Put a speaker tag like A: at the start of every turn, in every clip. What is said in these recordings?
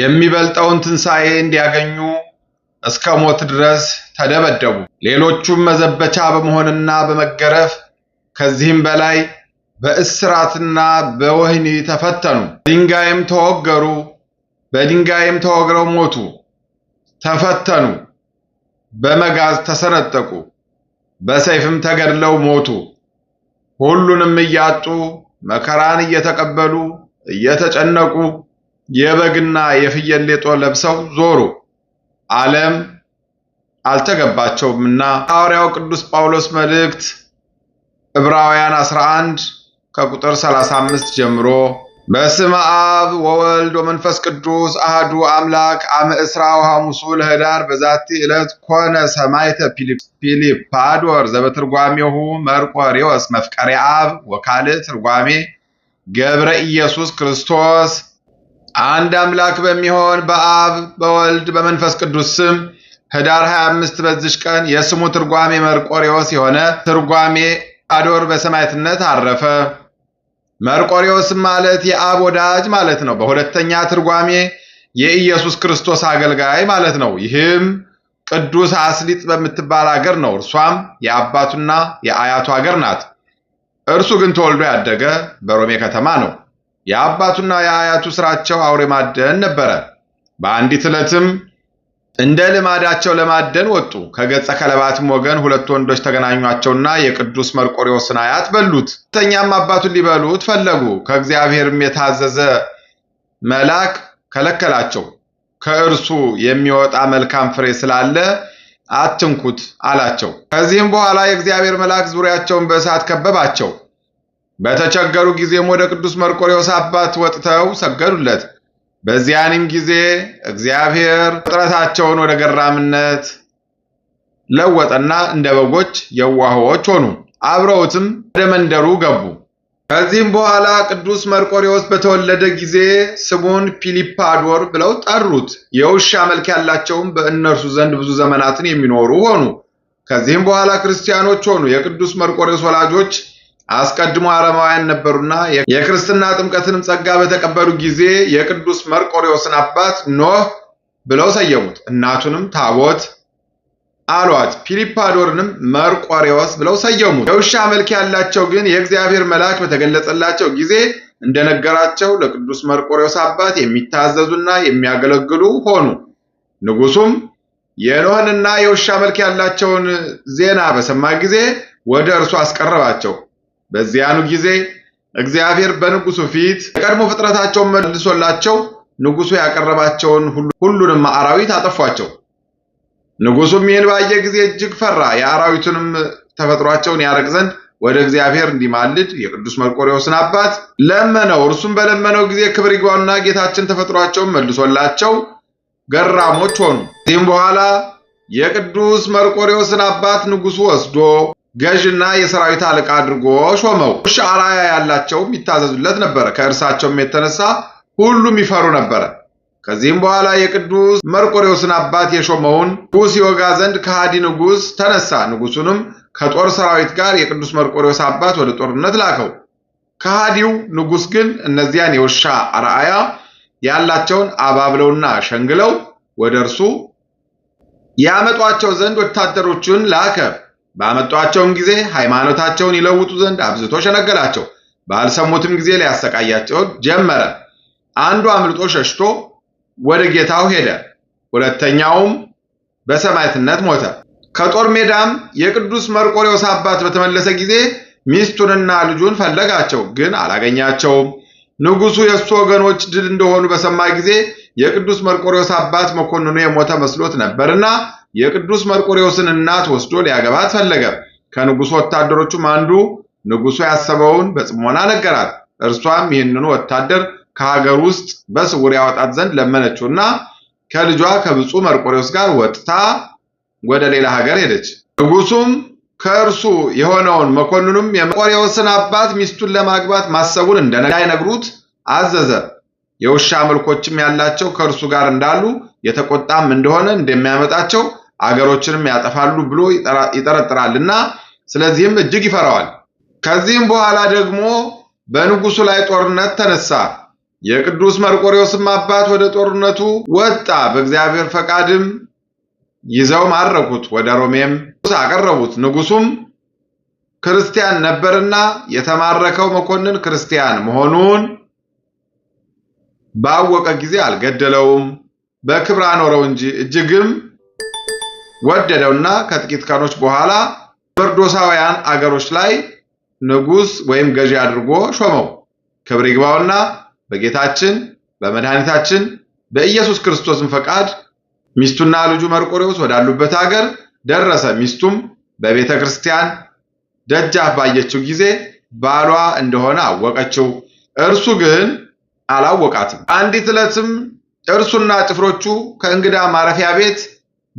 A: የሚበልጠውን ትንሣኤ እንዲያገኙ እስከ ሞት ድረስ ተደበደቡ። ሌሎቹም መዘበቻ በመሆንና በመገረፍ ከዚህም በላይ በእስራትና በወህኒ ተፈተኑ። ድንጋይም ተወገሩ፣ በድንጋይም ተወግረው ሞቱ። ተፈተኑ፣ በመጋዝ ተሰነጠቁ፣ በሰይፍም ተገድለው ሞቱ። ሁሉንም እያጡ መከራን እየተቀበሉ እየተጨነቁ የበግና የፍየል ሌጦ ለብሰው ዞሩ፣ ዓለም አልተገባቸውምና። ሐዋርያው ቅዱስ ጳውሎስ መልእክት ዕብራውያን 11 ከቁጥር 35 ጀምሮ በስመ አብ ወወልድ ወመንፈስ ቅዱስ አህዱ አምላክ አመ እስራ ወሐሙሱ ለኅዳር በዛቲ ዕለት ኮነ ሰማዕተ ፒሊፓዶር ዘበትርጓሜሁ መርቆሬዎስ መፍቀሬ አብ ወካልእ ትርጓሜ ገብረ ኢየሱስ ክርስቶስ አንድ አምላክ በሚሆን በአብ በወልድ በመንፈስ ቅዱስ ስም ህዳር 25 በዚች ቀን የስሙ ትርጓሜ መርቆሬዎስ የሆነ ትርጓሜ አዶር በሰማዕትነት አረፈ። መርቆሬዎስም ማለት የአብ ወዳጅ ማለት ነው። በሁለተኛ ትርጓሜ የኢየሱስ ክርስቶስ አገልጋይ ማለት ነው። ይህም ቅዱስ አስሊጥ በምትባል አገር ነው። እርሷም የአባቱና የአያቱ አገር ናት። እርሱ ግን ተወልዶ ያደገ በሮሜ ከተማ ነው። የአባቱና የአያቱ ስራቸው አውሬ ማደን ነበረ። በአንዲት ዕለትም እንደ ልማዳቸው ለማደን ወጡ። ከገጸ ከለባትም ወገን ሁለት ወንዶች ተገናኟቸውና የቅዱስ መርቆሪዎስን አያት በሉት። ተኛም አባቱን ሊበሉት ፈለጉ። ከእግዚአብሔርም የታዘዘ መልአክ ከለከላቸው። ከእርሱ የሚወጣ መልካም ፍሬ ስላለ አትንኩት አላቸው። ከዚህም በኋላ የእግዚአብሔር መልአክ ዙሪያቸውን በእሳት ከበባቸው። በተቸገሩ ጊዜም ወደ ቅዱስ መርቆሬዎስ አባት ወጥተው ሰገዱለት። በዚያንም ጊዜ እግዚአብሔር ጥረታቸውን ወደ ገራምነት ለወጠና እንደ በጎች የዋህዎች ሆኑ። አብረውትም ወደ መንደሩ ገቡ። ከዚህም በኋላ ቅዱስ መርቆሬዎስ በተወለደ ጊዜ ስሙን ፒሊፓዶር ብለው ጠሩት። የውሻ መልክ ያላቸውም በእነርሱ ዘንድ ብዙ ዘመናትን የሚኖሩ ሆኑ። ከዚህም በኋላ ክርስቲያኖች ሆኑ። የቅዱስ መርቆሬዎስ ወላጆች አስቀድሞ አረማውያን ነበሩና የክርስትና ጥምቀትንም ጸጋ በተቀበሉ ጊዜ የቅዱስ መርቆሪዎስን አባት ኖህ ብለው ሰየሙት። እናቱንም ታቦት አሏት። ፊሊፓዶርንም መርቆሪዎስ ብለው ሰየሙት። የውሻ መልክ ያላቸው ግን የእግዚአብሔር መልአክ በተገለጸላቸው ጊዜ እንደነገራቸው ለቅዱስ መርቆሪዎስ አባት የሚታዘዙና የሚያገለግሉ ሆኑ። ንጉሱም የኖህንና የውሻ መልክ ያላቸውን ዜና በሰማ ጊዜ ወደ እርሱ አስቀረባቸው። በዚያኑ ጊዜ እግዚአብሔር በንጉሱ ፊት የቀድሞ ፍጥረታቸውን መልሶላቸው ንጉሱ ያቀረባቸውን ሁሉንም አራዊት አጠፏቸው። ንጉሱም ይህን ባየ ጊዜ እጅግ ፈራ። የአራዊቱንም ተፈጥሯቸውን ያረቅ ዘንድ ወደ እግዚአብሔር እንዲማልድ የቅዱስ መርቆሬዎስን አባት ለመነው። እርሱም በለመነው ጊዜ ክብር ይግባውና ጌታችን ተፈጥሯቸውን መልሶላቸው ገራሞች ሆኑ። ከዚህም በኋላ የቅዱስ መርቆሬዎስን አባት ንጉሱ ወስዶ ገዥና የሰራዊት አለቃ አድርጎ ሾመው። ውሻ አራያ ያላቸው ይታዘዙለት ነበረ፣ ከእርሳቸውም የተነሳ ሁሉም ይፈሩ ነበረ። ከዚህም በኋላ የቅዱስ መርቆሬዎስን አባት የሾመውን ንጉሥ ይወጋ ዘንድ ከሃዲ ንጉሥ ተነሳ። ንጉሱንም ከጦር ሰራዊት ጋር የቅዱስ መርቆሬዎስ አባት ወደ ጦርነት ላከው። ከሃዲው ንጉሥ ግን እነዚያን የውሻ አርአያ ያላቸውን አባብለውና ሸንግለው ወደ እርሱ ያመጧቸው ዘንድ ወታደሮቹን ላከ። ባመጧቸውም ጊዜ ሃይማኖታቸውን ይለውጡ ዘንድ አብዝቶ ሸነገላቸው። ባልሰሙትም ጊዜ ሊያሰቃያቸው ጀመረ። አንዱ አምልጦ ሸሽቶ ወደ ጌታው ሄደ። ሁለተኛውም በሰማዕትነት ሞተ። ከጦር ሜዳም የቅዱስ መርቆሬዎስ አባት በተመለሰ ጊዜ ሚስቱንና ልጁን ፈለጋቸው፣ ግን አላገኛቸውም። ንጉሡ የእሱ ወገኖች ድል እንደሆኑ በሰማ ጊዜ የቅዱስ መርቆሬዎስ አባት መኮንኑ የሞተ መስሎት ነበርና የቅዱስ መርቆሬዎስን እናት ወስዶ ሊያገባት ፈለገ። ከንጉሱ ወታደሮቹም አንዱ ንጉሱ ያሰበውን በጽሞና ነገራት። እርሷም ይህንኑ ወታደር ከሀገር ውስጥ በስውር ያወጣት ዘንድ ለመነችውና ከልጇ ከብፁዕ መርቆሬዎስ ጋር ወጥታ ወደ ሌላ ሀገር ሄደች። ንጉሱም ከእርሱ የሆነውን መኮንኑም የመርቆሬዎስን አባት ሚስቱን ለማግባት ማሰቡን እንዳይነግሩት አዘዘ። የውሻ መልኮችም ያላቸው ከእርሱ ጋር እንዳሉ የተቆጣም እንደሆነ እንደሚያመጣቸው አገሮችንም ያጠፋሉ ብሎ ይጠረጥራል እና ስለዚህም እጅግ ይፈራዋል። ከዚህም በኋላ ደግሞ በንጉሱ ላይ ጦርነት ተነሳ። የቅዱስ መርቆሪዎስም አባት ወደ ጦርነቱ ወጣ። በእግዚአብሔር ፈቃድም ይዘው ማረኩት፣ ወደ ሮሜም አቀረቡት። ንጉሱም ክርስቲያን ነበርና የተማረከው መኮንን ክርስቲያን መሆኑን ባወቀ ጊዜ አልገደለውም፣ በክብር አኖረው እንጂ እጅግም ወደደውና ከጥቂት ቀኖች በኋላ በርዶሳውያን አገሮች ላይ ንጉሥ ወይም ገዢ አድርጎ ሾመው። ክብር ይግባውና በጌታችን በመድኃኒታችን በኢየሱስ ክርስቶስን ፈቃድ ሚስቱና ልጁ መርቆሬዎስ ወዳሉበት አገር ደረሰ። ሚስቱም በቤተ ክርስቲያን ደጃፍ ባየችው ጊዜ ባሏ እንደሆነ አወቀችው። እርሱ ግን አላወቃትም። አንዲት ዕለትም እርሱና ጭፍሮቹ ከእንግዳ ማረፊያ ቤት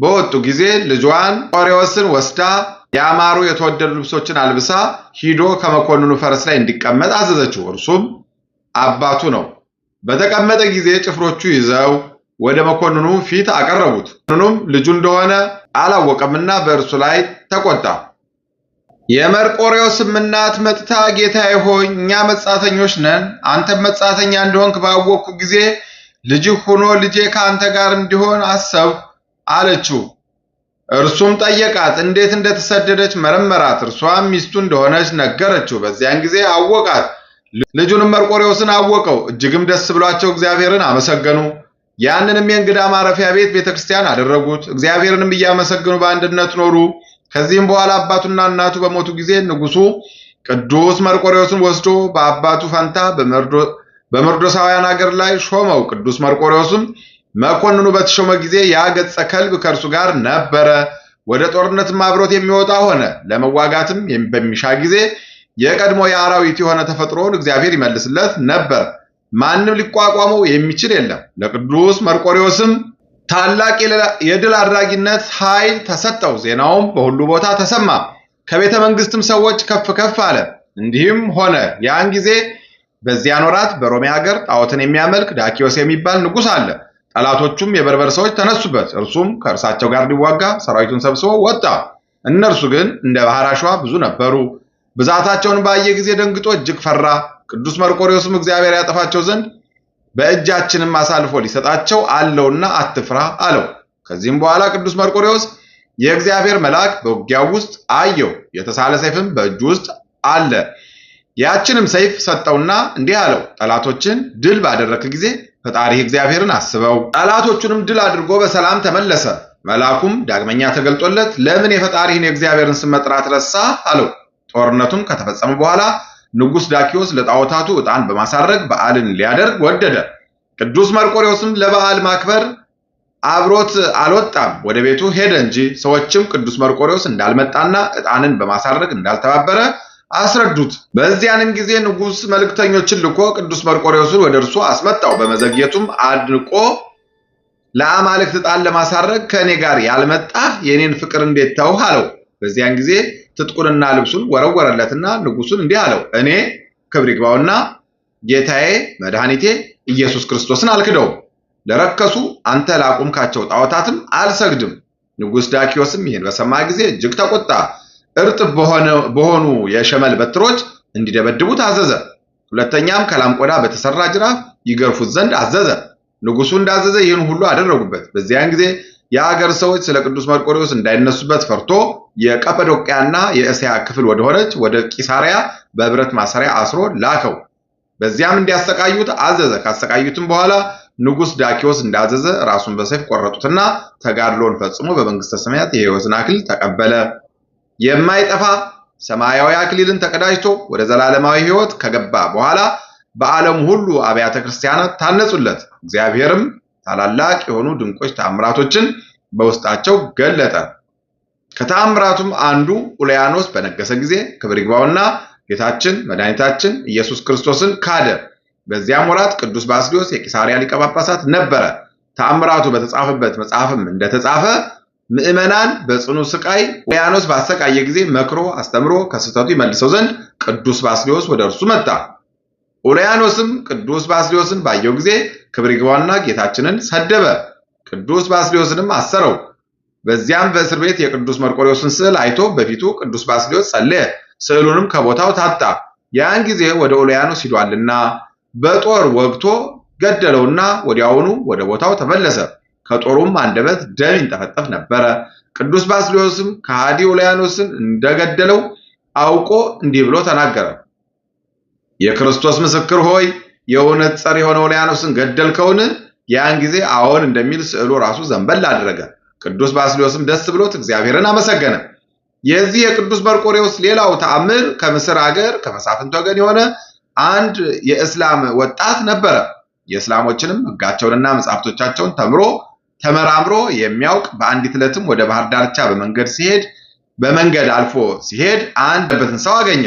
A: በወጡ ጊዜ ልጇን ቆሬዎስን ወስዳ ያማሩ የተወደዱ ልብሶችን አልብሳ ሂዶ ከመኮንኑ ፈረስ ላይ እንዲቀመጥ አዘዘችው። እርሱም አባቱ ነው። በተቀመጠ ጊዜ ጭፍሮቹ ይዘው ወደ መኮንኑ ፊት አቀረቡት። መኮንኑም ልጁ እንደሆነ አላወቀምና በእርሱ ላይ ተቆጣ። የመርቆሬዎስም እናት መጥታ ጌታዬ ሆይ እኛ መጻተኞች ነን፣ አንተም መጻተኛ እንደሆንክ ባወቅኩ ጊዜ ልጅህ ሆኖ ልጄ ከአንተ ጋር እንዲሆን አሰብኩ አለችው። እርሱም ጠየቃት፣ እንዴት እንደተሰደደች መረመራት። እርሷም ሚስቱ እንደሆነች ነገረችው። በዚያን ጊዜ አወቃት፣ ልጁንም መርቆሬዎስን አወቀው። እጅግም ደስ ብሏቸው እግዚአብሔርን አመሰገኑ። ያንንም የእንግዳ ማረፊያ ቤት ቤተ ክርስቲያን አደረጉት። እግዚአብሔርንም እያመሰገኑ በአንድነት ኖሩ። ከዚህም በኋላ አባቱና እናቱ በሞቱ ጊዜ ንጉሱ ቅዱስ መርቆሬዎስን ወስዶ በአባቱ ፈንታ በመርዶሳውያን አገር ላይ ሾመው። ቅዱስ መርቆሬዎስም መኮንኑ በተሾመ ጊዜ ያ ገጸ ከልብ ከእርሱ ጋር ነበረ። ወደ ጦርነትም አብሮት የሚወጣ ሆነ። ለመዋጋትም በሚሻ ጊዜ የቀድሞ የአራዊት የሆነ ተፈጥሮውን እግዚአብሔር ይመልስለት ነበር። ማንም ሊቋቋመው የሚችል የለም። ለቅዱስ መርቆሪዎስም ታላቅ የድል አድራጊነት ኃይል ተሰጠው። ዜናውም በሁሉ ቦታ ተሰማ። ከቤተ መንግስትም ሰዎች ከፍ ከፍ አለ። እንዲህም ሆነ ያን ጊዜ በዚያን ወራት በሮሜ ሀገር ጣዖትን የሚያመልክ ዳኪዎስ የሚባል ንጉሥ አለ። ጠላቶቹም የበርበር ሰዎች ተነሱበት፣ እርሱም ከእርሳቸው ጋር ሊዋጋ ሰራዊቱን ሰብስቦ ወጣ። እነርሱ ግን እንደ ባህር አሸዋ ብዙ ነበሩ። ብዛታቸውን ባየ ጊዜ ደንግጦ እጅግ ፈራ። ቅዱስ መርቆሬዎስም እግዚአብሔር ያጠፋቸው ዘንድ በእጃችንም አሳልፎ ሊሰጣቸው አለውና አትፍራ አለው። ከዚህም በኋላ ቅዱስ መርቆሬዎስ የእግዚአብሔር መልአክ በውጊያው ውስጥ አየው፣ የተሳለ ሰይፍም በእጁ ውስጥ አለ። ያችንም ሰይፍ ሰጠውና እንዲህ አለው፣ ጠላቶችን ድል ባደረክ ጊዜ ፈጣሪ እግዚአብሔርን አስበው ጠላቶቹንም ድል አድርጎ በሰላም ተመለሰ። መልአኩም ዳግመኛ ተገልጦለት ለምን የፈጣሪህን የእግዚአብሔርን ስም መጥራት ረሳ አለው። ጦርነቱም ከተፈጸመ በኋላ ንጉሥ ዳኪዎስ ለጣዖታቱ ዕጣን በማሳረግ በዓልን ሊያደርግ ወደደ። ቅዱስ መርቆሬዎስም ለበዓል ማክበር አብሮት አልወጣም፣ ወደ ቤቱ ሄደ እንጂ። ሰዎችም ቅዱስ መርቆሬዎስ እንዳልመጣና ዕጣንን በማሳረግ እንዳልተባበረ አስረዱት። በዚያንም ጊዜ ንጉሥ መልእክተኞችን ልኮ ቅዱስ መርቆሬዎስን ወደ እርሱ አስመጣው። በመዘግየቱም አድንቆ ለአማልክት ዕጣን ለማሳረግ ከእኔ ጋር ያልመጣ የእኔን ፍቅር እንዴት ተውህ? አለው። በዚያን ጊዜ ትጥቁንና ልብሱን ወረወረለትና ንጉሱን እንዲህ አለው፣ እኔ ክብር ይግባውና ጌታዬ መድኃኒቴ ኢየሱስ ክርስቶስን አልክደውም። ለረከሱ አንተ ላቁምካቸው ጣዖታትም አልሰግድም። ንጉሥ ዳኪዎስም ይህን በሰማ ጊዜ እጅግ ተቆጣ። እርጥብ በሆኑ የሸመል በትሮች እንዲደበድቡት አዘዘ። ሁለተኛም ከላም ቆዳ በተሰራ ጅራፍ ይገርፉት ዘንድ አዘዘ። ንጉሱ እንዳዘዘ ይህን ሁሉ አደረጉበት። በዚያን ጊዜ የአገር ሰዎች ስለ ቅዱስ መርቆሬዎስ እንዳይነሱበት ፈርቶ የቀጰዶቅያና የእስያ ክፍል ወደሆነች ወደ ቂሳሪያ በብረት ማሰሪያ አስሮ ላከው። በዚያም እንዲያሰቃዩት አዘዘ። ካሰቃዩትም በኋላ ንጉስ ዳኪዎስ እንዳዘዘ ራሱን በሰይፍ ቆረጡትና ተጋድሎን ፈጽሞ በመንግስተ ሰማያት የሕይወትን አክሊል ተቀበለ። የማይጠፋ ሰማያዊ አክሊልን ተቀዳጅቶ ወደ ዘላለማዊ ሕይወት ከገባ በኋላ በዓለም ሁሉ አብያተ ክርስቲያናት ታነጹለት። እግዚአብሔርም ታላላቅ የሆኑ ድንቆች ተአምራቶችን በውስጣቸው ገለጠ። ከተአምራቱም አንዱ ኡልያኖስ በነገሰ ጊዜ ክብር ይግባውና ጌታችን መድኃኒታችን ኢየሱስ ክርስቶስን ካደ። በዚያም ወራት ቅዱስ ባስልዮስ የቂሳሪያ ሊቀ ጳጳሳት ነበረ። ተአምራቱ በተጻፈበት መጽሐፍም እንደተጻፈ ምእመናን በጽኑ ስቃይ ወያኖስ ባሰቃየ ጊዜ መክሮ አስተምሮ ከስህተቱ ይመልሰው ዘንድ ቅዱስ ባስልዮስ ወደ እርሱ መጣ። ኡልያኖስም ቅዱስ ባስልዮስን ባየው ጊዜ ክብር ይግባውና ጌታችንን ሰደበ። ቅዱስ ባስልዮስንም አሰረው። በዚያም በእስር ቤት የቅዱስ መርቆሪዎስን ስዕል አይቶ በፊቱ ቅዱስ ባስልዮስ ጸለየ። ስዕሉንም ከቦታው ታጣ። ያን ጊዜ ወደ ኡልያኖስ ሂዷልና በጦር ወግቶ ገደለውና ወዲያውኑ ወደ ቦታው ተመለሰ። ከጦሩም አንደበት ደም ይንጠፈጠፍ ነበረ። ቅዱስ ባስሊዮስም ከሃዲ ኡልያኖስን እንደገደለው አውቆ እንዲህ ብሎ ተናገረ። የክርስቶስ ምስክር ሆይ የእውነት ጸር የሆነ ኡልያኖስን ገደልከውን? ያን ጊዜ አዎን እንደሚል ስዕሉ ራሱ ዘንበል አደረገ። ቅዱስ ባስሊዮስም ደስ ብሎት እግዚአብሔርን አመሰገነ። የዚህ የቅዱስ መርቆሬዎስ ሌላው ተአምር ከምስር አገር ከመሳፍንት ወገን የሆነ አንድ የእስላም ወጣት ነበረ። የእስላሞችንም ሕጋቸውንና መጻሕፍቶቻቸውን ተምሮ ተመራምሮ የሚያውቅ በአንዲት ዕለትም ወደ ባህር ዳርቻ በመንገድ ሲሄድ በመንገድ አልፎ ሲሄድ አንድ በትን ሰው አገኘ።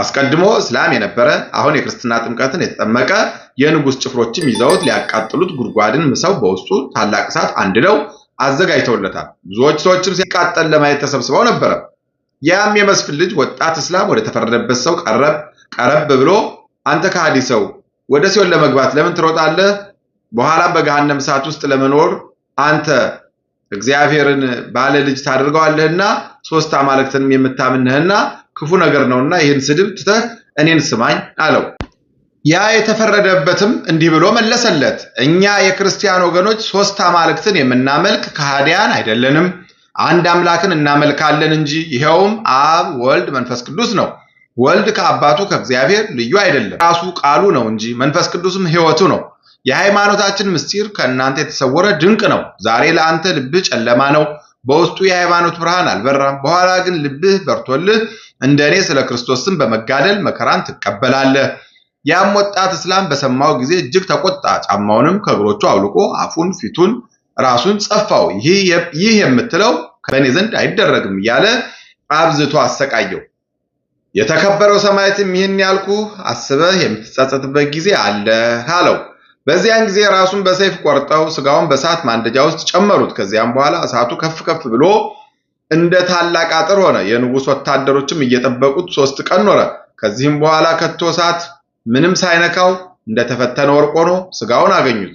A: አስቀድሞ እስላም የነበረ አሁን የክርስትና ጥምቀትን የተጠመቀ የንጉሥ ጭፍሮችም ይዘውት ሊያቃጥሉት ጉድጓድን ምሰው በውስጡ ታላቅ እሳት አንድደው አዘጋጅተውለታል። ብዙዎች ሰዎችም ሲቃጠል ለማየት ተሰብስበው ነበረ። ያም የመስፍን ልጅ ወጣት እስላም ወደ ተፈረደበት ሰው ቀረብ ቀረብ ብሎ አንተ ከሃዲ ሰው ወደ ሲኦል ለመግባት ለምን ትሮጣለህ? በኋላ በገሃነም እሳት ውስጥ ለመኖር አንተ እግዚአብሔርን ባለ ልጅ ታደርገዋለህና ሶስት አማልክትንም የምታምንህና ክፉ ነገር ነውና ይህን ስድብ ትተህ እኔን ስማኝ አለው። ያ የተፈረደበትም እንዲህ ብሎ መለሰለት፣ እኛ የክርስቲያን ወገኖች ሶስት አማልክትን የምናመልክ ከሃዲያን አይደለንም፣ አንድ አምላክን እናመልካለን እንጂ ይኸውም አብ፣ ወልድ፣ መንፈስ ቅዱስ ነው። ወልድ ከአባቱ ከእግዚአብሔር ልዩ አይደለም፣ ራሱ ቃሉ ነው እንጂ መንፈስ ቅዱስም ሕይወቱ ነው። የሃይማኖታችን ምስጢር ከእናንተ የተሰወረ ድንቅ ነው። ዛሬ ለአንተ ልብህ ጨለማ ነው፣ በውስጡ የሃይማኖት ብርሃን አልበራም። በኋላ ግን ልብህ በርቶልህ እንደ እኔ ስለ ክርስቶስም በመጋደል መከራን ትቀበላለህ። ያም ወጣት እስላም በሰማው ጊዜ እጅግ ተቆጣ። ጫማውንም ከእግሮቹ አውልቆ አፉን፣ ፊቱን፣ ራሱን ጸፋው። ይህ የምትለው ከእኔ ዘንድ አይደረግም እያለ አብዝቶ አሰቃየው። የተከበረው ሰማዕትም ይህን ያልኩ አስበህ የምትጸጸትበት ጊዜ አለ አለው። በዚያን ጊዜ ራሱን በሰይፍ ቆርጠው ስጋውን በእሳት ማንደጃ ውስጥ ጨመሩት። ከዚያም በኋላ እሳቱ ከፍ ከፍ ብሎ እንደ ታላቅ አጥር ሆነ። የንጉሥ ወታደሮችም እየጠበቁት ሶስት ቀን ኖረ። ከዚህም በኋላ ከቶ እሳት ምንም ሳይነካው እንደተፈተነ ወርቅ ሆኖ ስጋውን አገኙት።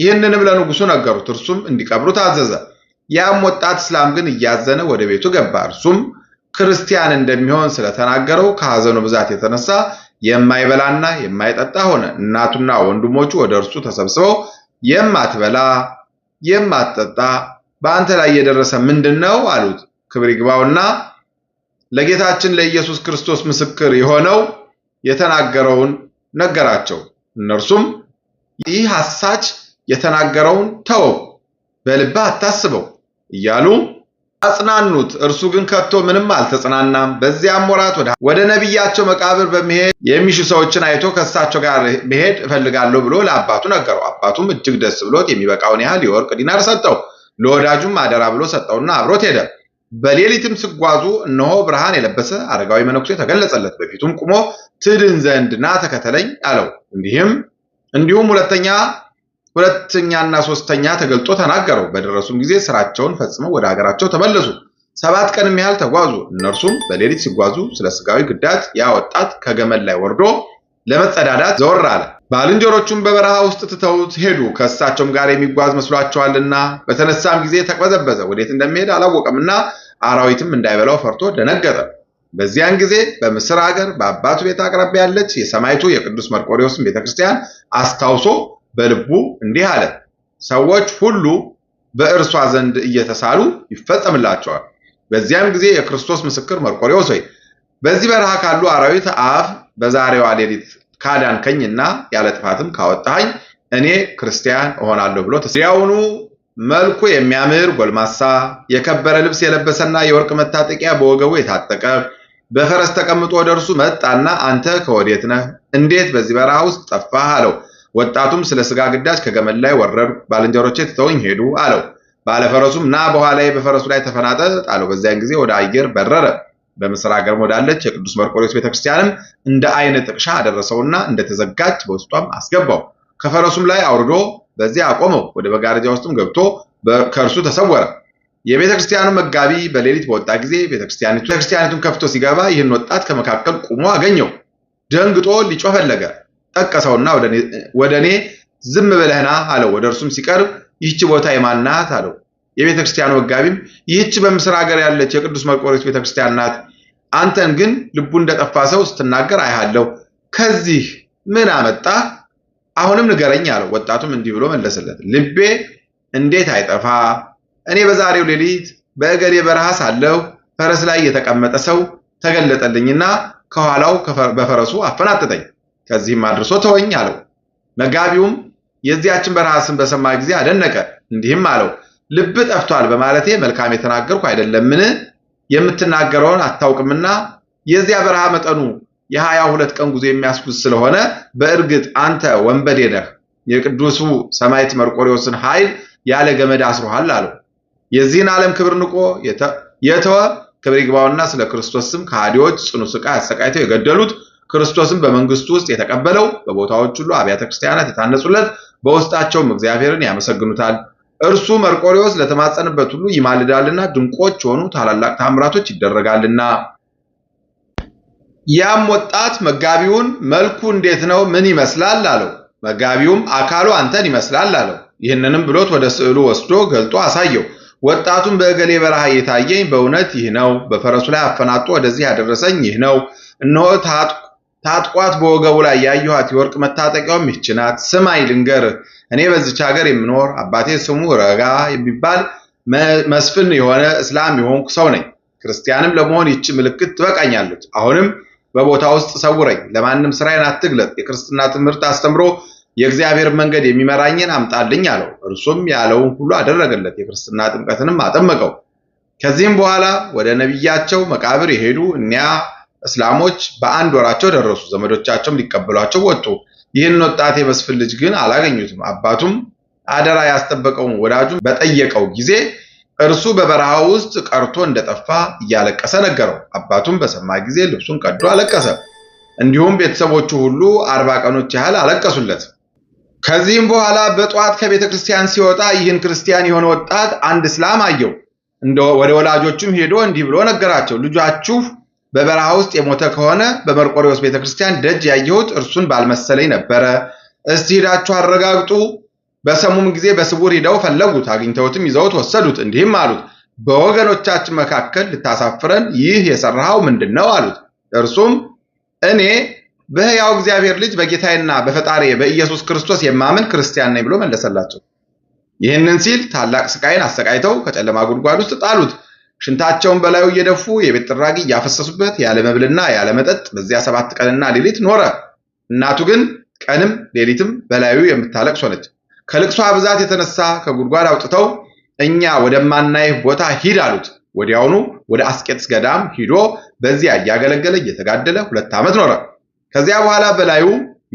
A: ይህንንም ለንጉሱ ነገሩት። እርሱም እንዲቀብሩት አዘዘ። ያም ወጣት እስላም ግን እያዘነ ወደ ቤቱ ገባ። እርሱም ክርስቲያን እንደሚሆን ስለተናገረው ከሐዘኑ ብዛት የተነሳ የማይበላና የማይጠጣ ሆነ። እናቱና ወንድሞቹ ወደ እርሱ ተሰብስበው የማትበላ የማትጠጣ በአንተ ላይ የደረሰ ምንድን ነው አሉት። ክብር ይግባውና ለጌታችን ለኢየሱስ ክርስቶስ ምስክር የሆነው የተናገረውን ነገራቸው። እነርሱም ይህ አሳች የተናገረውን ተወው፣ በልብህ አታስበው እያሉ አጽናኑት። እርሱ ግን ከቶ ምንም አልተጽናናም። በዚያም ወራት ወደ ነቢያቸው መቃብር በመሄድ የሚሹ ሰዎችን አይቶ ከእሳቸው ጋር መሄድ እፈልጋለሁ ብሎ ለአባቱ ነገረው። አባቱም እጅግ ደስ ብሎት የሚበቃውን ያህል የወርቅ ዲናር ሰጠው። ለወዳጁም አደራ ብሎ ሰጠውና አብሮት ሄደ። በሌሊትም ሲጓዙ እነሆ ብርሃን የለበሰ አረጋዊ መነኩሴ ተገለጸለት። በፊቱም ቁሞ ትድን ዘንድ ና ተከተለኝ አለው። እንዲሁም ሁለተኛ ሁለተኛና ሶስተኛ ተገልጦ ተናገረው። በደረሱም ጊዜ ስራቸውን ፈጽመው ወደ ሀገራቸው ተመለሱ። ሰባት ቀንም ያህል ተጓዙ። እነርሱም በሌሊት ሲጓዙ ስለ ስጋዊ ግዳት ያ ወጣት ከገመል ላይ ወርዶ ለመጸዳዳት ዘወር አለ። ባልንጀሮቹም በበረሃ ውስጥ ትተውት ሄዱ። ከእሳቸውም ጋር የሚጓዝ መስሏቸዋልና በተነሳም ጊዜ ተቅበዘበዘ፣ ወዴት እንደሚሄድ አላወቀምና አራዊትም እንዳይበላው ፈርቶ ደነገጠ። በዚያን ጊዜ በምስር ሀገር በአባቱ ቤት አቅራቢያ ያለች የሰማይቱ የቅዱስ መርቆሬዎስን ቤተክርስቲያን አስታውሶ በልቡ እንዲህ አለ፣ ሰዎች ሁሉ በእርሷ ዘንድ እየተሳሉ ይፈጸምላቸዋል። በዚያም ጊዜ የክርስቶስ ምስክር መርቆሬዎስ ሆይ በዚህ በረሃ ካሉ አራዊት አፍ በዛሬዋ ሌሊት ካዳንከኝና ያለ ጥፋትም ካወጣኸኝ እኔ ክርስቲያን እሆናለሁ ብሎ ተስያውኑ መልኩ የሚያምር ጎልማሳ የከበረ ልብስ የለበሰና የወርቅ መታጠቂያ በወገቡ የታጠቀ በፈረስ ተቀምጦ ወደ እርሱ መጣና አንተ ከወዴት ነህ? እንዴት በዚህ በረሃ ውስጥ ጠፋህ? አለው። ወጣቱም ስለ ስጋ ግዳጅ ከገመድ ላይ ወረዱ ባልንጀሮቼ ትተውኝ ሄዱ አለው። ባለፈረሱም ና በኋላ በፈረሱ ላይ ተፈናጠ አለው። በዚያን ጊዜ ወደ አየር በረረ። በምስር ሀገር ወዳለች የቅዱስ መርቆሬዎስ ቤተክርስቲያንም እንደ አይነ ጥቅሻ አደረሰውና እንደተዘጋጅ በውስጧም አስገባው። ከፈረሱም ላይ አውርዶ በዚያ አቆመው። ወደ መጋረጃ ውስጥም ገብቶ ከእርሱ ተሰወረ። የቤተክርስቲያኑ መጋቢ በሌሊት በወጣ ጊዜ ቤተክርስቲያኒቱን ከፍቶ ሲገባ ይህን ወጣት ከመካከል ቁሞ አገኘው። ደንግጦ ሊጮህ ፈለገ። ጠቀሰውና ወደ እኔ ዝም ብለህና አለው። ወደ እርሱም ሲቀርብ ይህች ቦታ የማን ናት አለው። የቤተ ክርስቲያን መጋቢም ይህች በምስር ሀገር ያለች የቅዱስ መርቆሬዎስ ቤተ ክርስቲያን ናት። አንተን ግን ልቡ እንደጠፋ ሰው ስትናገር አይሃለሁ። ከዚህ ምን አመጣ? አሁንም ንገረኝ አለው። ወጣቱም እንዲህ ብሎ መለሰለት፣ ልቤ እንዴት አይጠፋ? እኔ በዛሬው ሌሊት በእገሌ በረሃ ሳለሁ ፈረስ ላይ የተቀመጠ ሰው ተገለጠልኝና ከኋላው በፈረሱ አፈናጠጠኝ። ከዚህም አድርሶ ተወኝ አለው። መጋቢውም የዚያችን በረሃ ስም በሰማ ጊዜ አደነቀ፣ እንዲህም አለው ልብ ጠፍቷል በማለቴ መልካም የተናገርኩ አይደለምን? የምትናገረውን አታውቅምና የዚያ በረሃ መጠኑ የሀያ ሁለት ቀን ጉዞ የሚያስጉዝ ስለሆነ በእርግጥ አንተ ወንበዴ ነህ። የቅዱሱ ሰማዕት መርቆሬዎስን ኃይል ያለ ገመድ አስሮሃል አለው። የዚህን ዓለም ክብር ንቆ የተወ ክብር ይግባውና ስለ ክርስቶስ ስም ከሃዲዎች ጽኑ ስቃይ አሰቃይተው የገደሉት ክርስቶስም በመንግስቱ ውስጥ የተቀበለው በቦታዎች ሁሉ አብያተ ክርስቲያናት የታነጹለት በውስጣቸውም እግዚአብሔርን ያመሰግኑታል። እርሱ መርቆሪዎስ ለተማጸንበት ሁሉ ይማልዳልና ድንቆች የሆኑ ታላላቅ ታምራቶች ይደረጋልና። ያም ወጣት መጋቢውን መልኩ እንዴት ነው? ምን ይመስላል አለው። መጋቢውም አካሉ አንተን ይመስላል አለው። ይህንንም ብሎት ወደ ስዕሉ ወስዶ ገልጦ አሳየው። ወጣቱም በእገሌ በረሃ የታየኝ በእውነት ይህ ነው፣ በፈረሱ ላይ አፈናጦ ወደዚህ ያደረሰኝ ይህ ነው። እነሆ ታጥቁ ታጥቋት በወገቡ ላይ ያየኋት የወርቅ መታጠቂያውም ይህች ናት። ስማኝ ልንገርህ፣ እኔ በዚች ሀገር የምኖር አባቴ ስሙ ረጋ የሚባል መስፍን የሆነ እስላም የሆንኩ ሰው ነኝ። ክርስቲያንም ለመሆን ይቺ ምልክት ትበቃኛለች። አሁንም በቦታ ውስጥ ሰውረኝ፣ ለማንም ስራዬን አትግለጥ። የክርስትና ትምህርት አስተምሮ የእግዚአብሔር መንገድ የሚመራኝን አምጣልኝ አለው። እርሱም ያለውን ሁሉ አደረገለት፣ የክርስትና ጥምቀትንም አጠመቀው። ከዚህም በኋላ ወደ ነቢያቸው መቃብር የሄዱ እኒያ እስላሞች በአንድ ወራቸው ደረሱ። ዘመዶቻቸውም ሊቀበሏቸው ወጡ። ይህን ወጣት የመስፍን ልጅ ግን አላገኙትም። አባቱም አደራ ያስጠበቀውን ወዳጁን በጠየቀው ጊዜ እርሱ በበረሃ ውስጥ ቀርቶ እንደጠፋ እያለቀሰ ነገረው። አባቱም በሰማ ጊዜ ልብሱን ቀዶ አለቀሰ። እንዲሁም ቤተሰቦቹ ሁሉ አርባ ቀኖች ያህል አለቀሱለት። ከዚህም በኋላ በጠዋት ከቤተ ክርስቲያን ሲወጣ ይህን ክርስቲያን የሆነ ወጣት አንድ እስላም አየው። ወደ ወላጆቹም ሄዶ እንዲህ ብሎ ነገራቸው ልጃችሁ በበረሃ ውስጥ የሞተ ከሆነ በመርቆሪዎስ ቤተክርስቲያን ደጅ ያየሁት እርሱን ባልመሰለኝ ነበረ። እስቲ ሂዳችሁ አረጋግጡ። በሰሙም ጊዜ በስውር ሂደው ፈለጉት፣ አግኝተውትም ይዘውት ወሰዱት። እንዲህም አሉት፣ በወገኖቻችን መካከል ልታሳፍረን ይህ የሰራኸው ምንድን ነው? አሉት። እርሱም እኔ በሕያው እግዚአብሔር ልጅ በጌታዬና በፈጣሪ በኢየሱስ ክርስቶስ የማምን ክርስቲያን ነኝ ብሎ መለሰላቸው። ይህንን ሲል ታላቅ ስቃይን አሰቃይተው ከጨለማ ጉድጓድ ውስጥ ጣሉት። ሽንታቸውን በላዩ እየደፉ የቤት ጥራጊ እያፈሰሱበት ያለ መብልና ያለ መጠጥ በዚያ ሰባት ቀንና ሌሊት ኖረ። እናቱ ግን ቀንም ሌሊትም በላዩ የምታለቅሶ ነች። ከልቅሷ ብዛት የተነሳ ከጉድጓድ አውጥተው እኛ ወደማናይህ ቦታ ሂድ አሉት። ወዲያውኑ ወደ አስቄጥስ ገዳም ሂዶ በዚያ እያገለገለ እየተጋደለ ሁለት ዓመት ኖረ። ከዚያ በኋላ በላዩ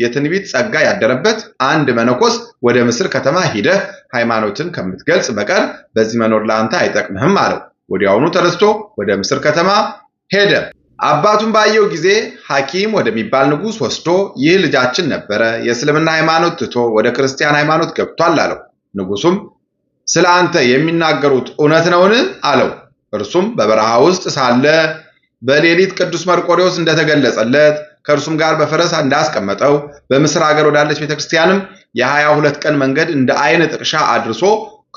A: የትንቢት ጸጋ ያደረበት አንድ መነኮስ ወደ ምስር ከተማ ሂደህ ሃይማኖትን ከምትገልጽ በቀር በዚህ መኖር ለአንተ አይጠቅምህም አለው። ወዲያውኑ ተነስቶ ወደ ምስር ከተማ ሄደ። አባቱን ባየው ጊዜ ሐኪም ወደሚባል ንጉሥ ወስዶ ይህ ልጃችን ነበረ የእስልምና ሃይማኖት ትቶ ወደ ክርስቲያን ሃይማኖት ገብቷል አለው። ንጉሱም ስለ አንተ የሚናገሩት እውነት ነውን? አለው። እርሱም በበረሃ ውስጥ ሳለ በሌሊት ቅዱስ መርቆሬዎስ እንደተገለጸለት ከእርሱም ጋር በፈረስ እንዳስቀመጠው በምስር ሀገር ወዳለች ቤተክርስቲያንም የሀያ ሁለት ቀን መንገድ እንደ አይነ ጥቅሻ አድርሶ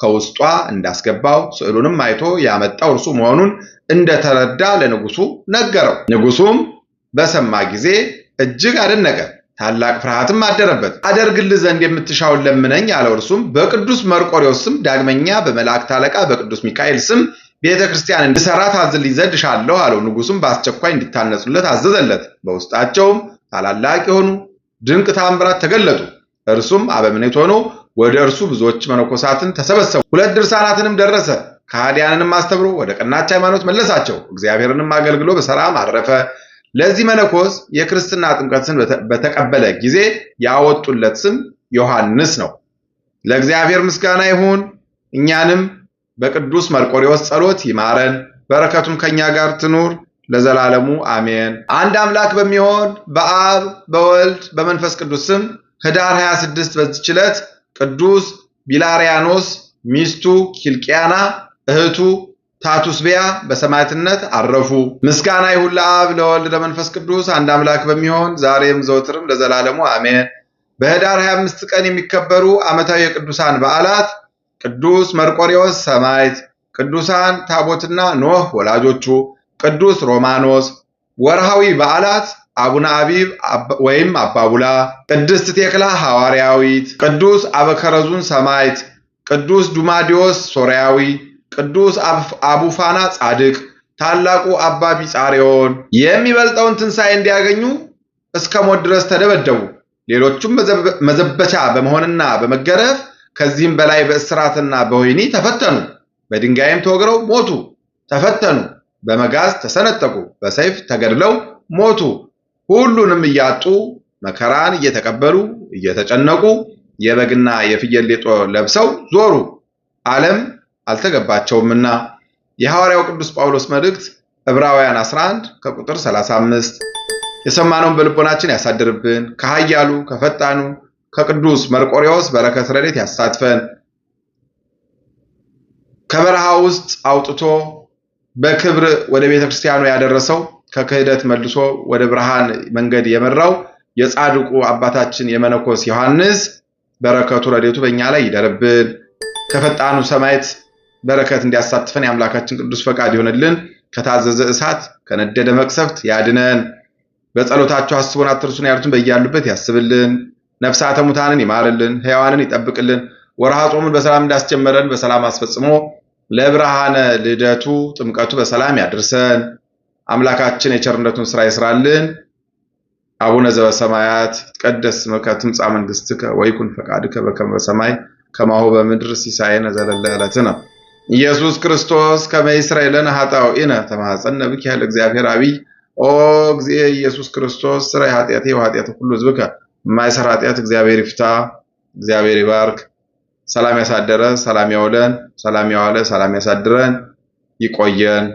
A: ከውስጧ እንዳስገባው ስዕሉንም አይቶ ያመጣው እርሱ መሆኑን እንደተረዳ ለንጉሱ ነገረው። ንጉሱም በሰማ ጊዜ እጅግ አደነቀ፣ ታላቅ ፍርሃትም አደረበት። አደርግልህ ዘንድ የምትሻውን ለምነኝ አለው። እርሱም በቅዱስ መርቆሬዎስ ስም ዳግመኛ በመላእክት አለቃ በቅዱስ ሚካኤል ስም ቤተ ክርስቲያን እንድሰራ ታዝልኝ ዘንድ እሻለሁ አለው። ንጉሱም በአስቸኳይ እንዲታነጹለት አዘዘለት። በውስጣቸውም ታላላቅ የሆኑ ድንቅ ታምራት ተገለጡ። እርሱም አበምኔት ሆኖ ወደ እርሱ ብዙዎች መነኮሳትን ተሰበሰቡ። ሁለት ድርሳናትንም ደረሰ። ከሃዲያንንም አስተምሮ ወደ ቀናች ሃይማኖት መለሳቸው። እግዚአብሔርንም አገልግሎ በሰላም አረፈ። ለዚህ መነኮስ የክርስትና ጥምቀትን በተቀበለ ጊዜ ያወጡለት ስም ዮሐንስ ነው። ለእግዚአብሔር ምስጋና ይሁን። እኛንም በቅዱስ መርቆሬዎስ ጸሎት ይማረን፣ በረከቱም ከኛ ጋር ትኑር ለዘላለሙ አሜን። አንድ አምላክ በሚሆን በአብ በወልድ በመንፈስ ቅዱስ ስም ህዳር 26 በዚች ዕለት ቅዱስ ቢላሪያኖስ ሚስቱ ኪልቅያና እህቱ ታቱስቢያ በሰማዕትነት አረፉ። ምስጋና ይሁን ለአብ ለወልድ ለመንፈስ ቅዱስ አንድ አምላክ በሚሆን ዛሬም ዘወትርም ለዘላለሙ አሜን። በህዳር 25 ቀን የሚከበሩ ዓመታዊ የቅዱሳን በዓላት ቅዱስ መርቆሪዎስ ሰማዕት፣ ቅዱሳን ታቦትና ኖህ ወላጆቹ፣ ቅዱስ ሮማኖስ። ወርሃዊ በዓላት አቡነ አቢብ ወይም አባቡላ፣ ቅድስት ቴክላ ሐዋርያዊት፣ ቅዱስ አበከረዙን ሰማይት ቅዱስ ዱማዲዮስ ሶርያዊ፣ ቅዱስ አቡፋና ጻድቅ፣ ታላቁ አባ ቢጻሪዮን የሚበልጠውን ትንሣኤ እንዲያገኙ እስከ ሞት ድረስ ተደበደቡ። ሌሎቹም መዘበቻ በመሆንና በመገረፍ ከዚህም በላይ በእስራትና በወህኒ ተፈተኑ። በድንጋይም ተወግረው ሞቱ፣ ተፈተኑ። በመጋዝ ተሰነጠቁ፣ በሰይፍ ተገድለው ሞቱ። ሁሉንም እያጡ መከራን እየተቀበሉ እየተጨነቁ የበግና የፍየል ሌጦ ለብሰው ዞሩ፣ ዓለም አልተገባቸውምና። የሐዋርያው ቅዱስ ጳውሎስ መልእክት ዕብራውያን 11 ከቁጥር 35። የሰማነውን በልቦናችን ያሳድርብን። ከኃያሉ ከፈጣኑ ከቅዱስ መርቆሪዎስ በረከት ረድኤት ያሳትፈን። ከበረሃ ውስጥ አውጥቶ በክብር ወደ ቤተ ክርስቲያኑ ያደረሰው ከክህደት መልሶ ወደ ብርሃን መንገድ የመራው የጻድቁ አባታችን የመነኮስ ዮሐንስ በረከቱ ረዴቱ በእኛ ላይ ይደርብን። ከፈጣኑ ሰማይት በረከት እንዲያሳትፈን የአምላካችን ቅዱስ ፈቃድ ይሆንልን። ከታዘዘ እሳት ከነደደ መቅሰፍት ያድነን። በጸሎታቸው አስቡን አትርሱን ያሉትን በያሉበት ያስብልን። ነፍሳተ ሙታንን ይማርልን፣ ሕያዋንን ይጠብቅልን። ወርሃ ጾሙን በሰላም እንዳስጀመረን በሰላም አስፈጽሞ ለብርሃነ ልደቱ ጥምቀቱ በሰላም ያድርሰን። አምላካችን የቸርነቱን ስራ ይስራልን። አቡነ ዘበሰማያት ይትቀደስ ስምከ ትምጻእ መንግስትከ ወይኩን ፈቃድከ በከመ በሰማይ ከማሁ በምድር ሲሳየነ ዘለለ ዕለትነ ኢየሱስ ክርስቶስ ከመ ይስረይ ለነ ኃጣውኢነ ተማኅፀነ ብከ ኃይለ እግዚአብሔር አብይ ኦ እግዚእ ኢየሱስ ክርስቶስ ስራይ ኃጢአቴ ወኃጢአተ ሁሉ ሕዝብከ የማይሰራ ኃጢአት እግዚአብሔር ይፍታ፣ እግዚአብሔር ይባርክ። ሰላም ያሳደረ፣ ሰላም ያውለን፣ ሰላም ያዋለ፣ ሰላም ያሳድረን፣ ይቆየን።